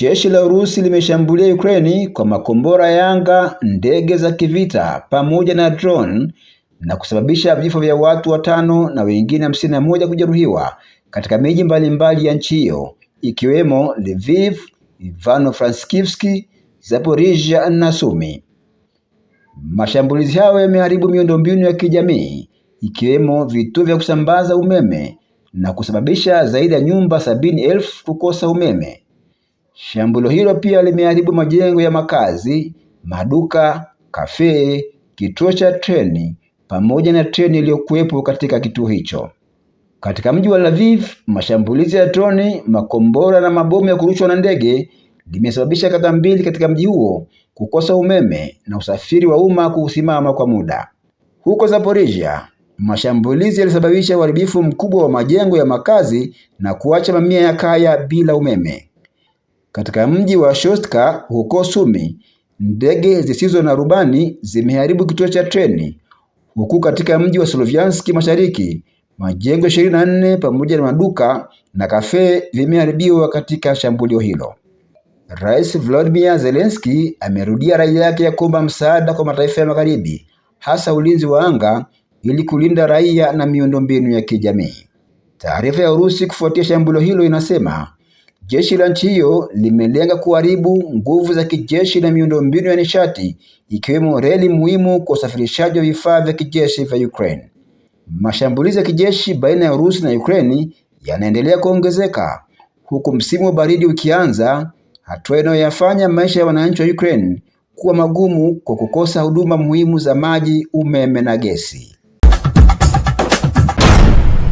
Jeshi la Urusi limeshambulia Ukraini kwa makombora ya anga, ndege za kivita pamoja na drone na kusababisha vifo vya watu watano na wengine hamsini na moja kujeruhiwa katika miji mbalimbali ya nchi hiyo ikiwemo Lviv, Ivano-Frankivsk, Zaporizhia na Sumi. Mashambulizi hayo yameharibu miundombinu ya kijamii ikiwemo vituo vya kusambaza umeme na kusababisha zaidi ya nyumba sabini elfu kukosa umeme. Shambulio hilo pia limeharibu majengo ya makazi, maduka, kafee, kituo cha treni pamoja na treni iliyokuwepo katika kituo hicho. Katika mji wa Lviv, mashambulizi ya droni, makombora na mabomu ya kurushwa na ndege limesababisha kata mbili katika mji huo kukosa umeme na usafiri wa umma kusimama kwa muda. Huko Zaporizhia, mashambulizi yalisababisha uharibifu mkubwa wa majengo ya makazi na kuacha mamia ya kaya bila umeme. Katika mji wa Shostka huko Sumi, ndege zisizo na rubani zimeharibu kituo cha treni, huku katika mji wa Slovianski Mashariki majengo 24 pamoja na maduka na kafe vimeharibiwa katika shambulio hilo. Rais Volodymyr Zelensky amerudia rai yake ya kuomba msaada kwa mataifa ya magharibi, hasa ulinzi wa anga ili kulinda raia na miundombinu ya kijamii. Taarifa ya Urusi kufuatia shambulio hilo inasema Jeshi la nchi hiyo limelenga kuharibu nguvu za kijeshi na miundombinu ya nishati ikiwemo reli muhimu kwa usafirishaji wa vifaa vya kijeshi vya Ukraine. Mashambulizi ya kijeshi baina ya Urusi na Ukraine yanaendelea kuongezeka huku msimu wa baridi ukianza, hatua inayoyafanya maisha ya wananchi wa Ukraine kuwa magumu kwa kukosa huduma muhimu za maji, umeme na gesi.